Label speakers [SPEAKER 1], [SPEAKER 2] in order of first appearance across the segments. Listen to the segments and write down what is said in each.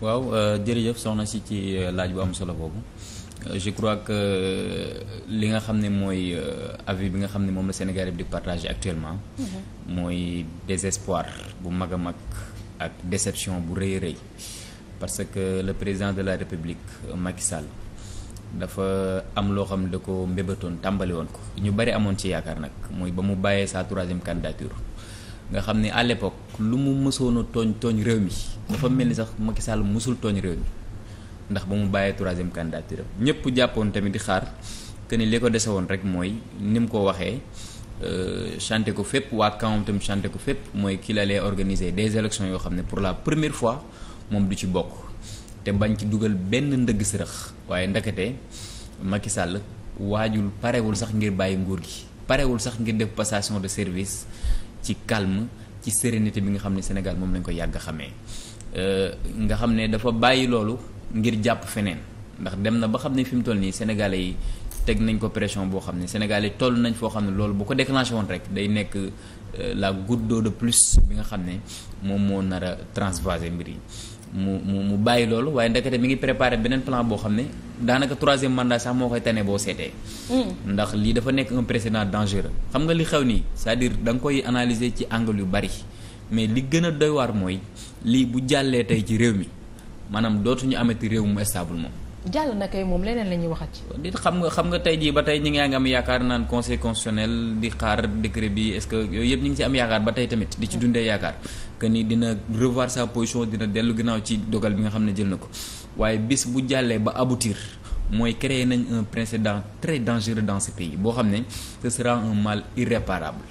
[SPEAKER 1] waaw euh, jërëjëf soxna si ci euh, laaj bu am solo boobu euh, je crois que li nga xam ne mooy avis bi nga xam ne moom la Sénégal yëpp di actuellement. Mhm. mooy désespoir bu mag a mag ak déception bu rëy rëy parce que le président de la République Macky Sall dafa am loo xam ne da ko mbébatoon tàmbali woon ko ñu bari amoon ci yaakaar nag mooy ba mu bàyyee sa troisième candidature. nga xam ne à l'époque lu mu mësoon tooñ tooñ réew mi dafa mel ni sax Macky Sall mësul tooñ réew mi ndax ba mu bàyyee troisième candidature am ñëpp jàppoon tamit di xaar que ni li ko dese woon rek mooy ni mu ko waxee euh, chanté ko fépp waa kawam tam chanté ko fépp mooy qu'il allait organiser des élections yoo xam ne pour la première fois moom du ci bokk te bañ ci dugal benn ndëgg sërëx waaye ndakate Macky Sall waajul parewul sax ngir bàyyi nguur gi parewul sax ngir def passation de service ci calme ci sérénité bi nga xam ne Sénégal moom lañ ko yàgg xamee euh, nga xam ne dafa bàyyi loolu ngir jàpp feneen ndax dem na ba xam ne fi mu toll nii sénégalais yi teg nañ ko pression boo xam ne sénégalais yi toll nañ foo xam ne loolu bu ko déclenché woon rek day nekk euh, la goutte d'eau de plus bi nga xam ne moom moo nar a transvaser mbir yi. mu mu bàyyi loolu waaye ndekete mi ngi préparer beneen plan boo xam ne daanaka troisième mandat sax moo koy tane boo seetee. Mm. ndax lii dafa nekk un précédent dangereux. xam nga li xew nii sa à danga koy analyser ci angle yu bari mais li gën a doy mooy lii bu jàllee tey ci réew mi maanaam dootuñu amati réew mu stable moom. jàll na kay moom leneen la ñuy waxat ci xam nga xam nga tey jii ba tey ñi ngi am yaakaar naan conseil constitutionnel di xaar décret bi est-ce que yooyu yëpp ñi ngi ci am yaakaar ba tey tamit di ci dundee yaakaar que nii dina revoir sa position dina dellu ginnaaw ci dogal bi nga xam ne jël na ko waaye bis bu jàllee ba aboutir mooy créer nañ un précédent très dangereux danse ce pays boo xam ne ce sera un mal irréparable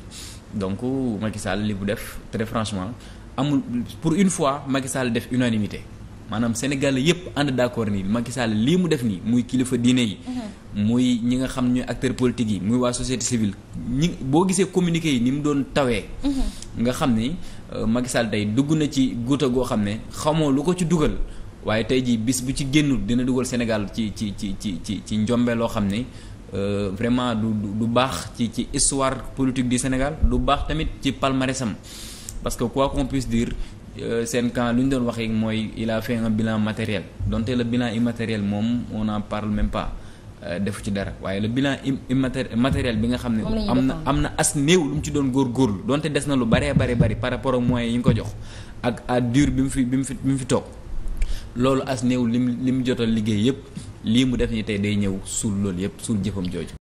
[SPEAKER 1] donc Macky li bu def très franchement amul pour une fois Macky Sall def unanimité maanaam sénégalais yépp ànd d'accord nii Macky Sall lii mu def nii muy kilifa diine yi mm-hmm. muy ñi nga xam ñooy acteurs politiques yi muy waa société civile ñi boo gisee communiqué yi ni mu doon tawee mm-hmm. nga xam ni euh, Macky Sall tey dugg na ci guuta goo xam ne xamoo lu ko ci dugal waaye tey jii bis bu ci génnul dina dugal Sénégal ci ci ci ci ci ci njombe loo xam ne euh, vraiment du du baax ci ci histoire politique du Sénégal du baax tamit ci palmarèsam parce que quoi qu'on Euh, seen camp lu ñu doon wax rek mooy il a fait un bilan matériel donte le bilan immatériel moom moo n'en parle même pas euh, defu ci dara waaye la bilan immatériel matériel bi nga xam ne am na am na as néew lu mu ci doon góor góorgóorlu donte des na lu baree bari bari par rapport ak moyens yi ñu ko jox ak à dur bi mu fi bi mu fi bi mu fi toog loolu as néew li mu li mu jotal liggéey yëpp lii mu def ni tey day ñëw suul loolu yëpp suul jëfam jooju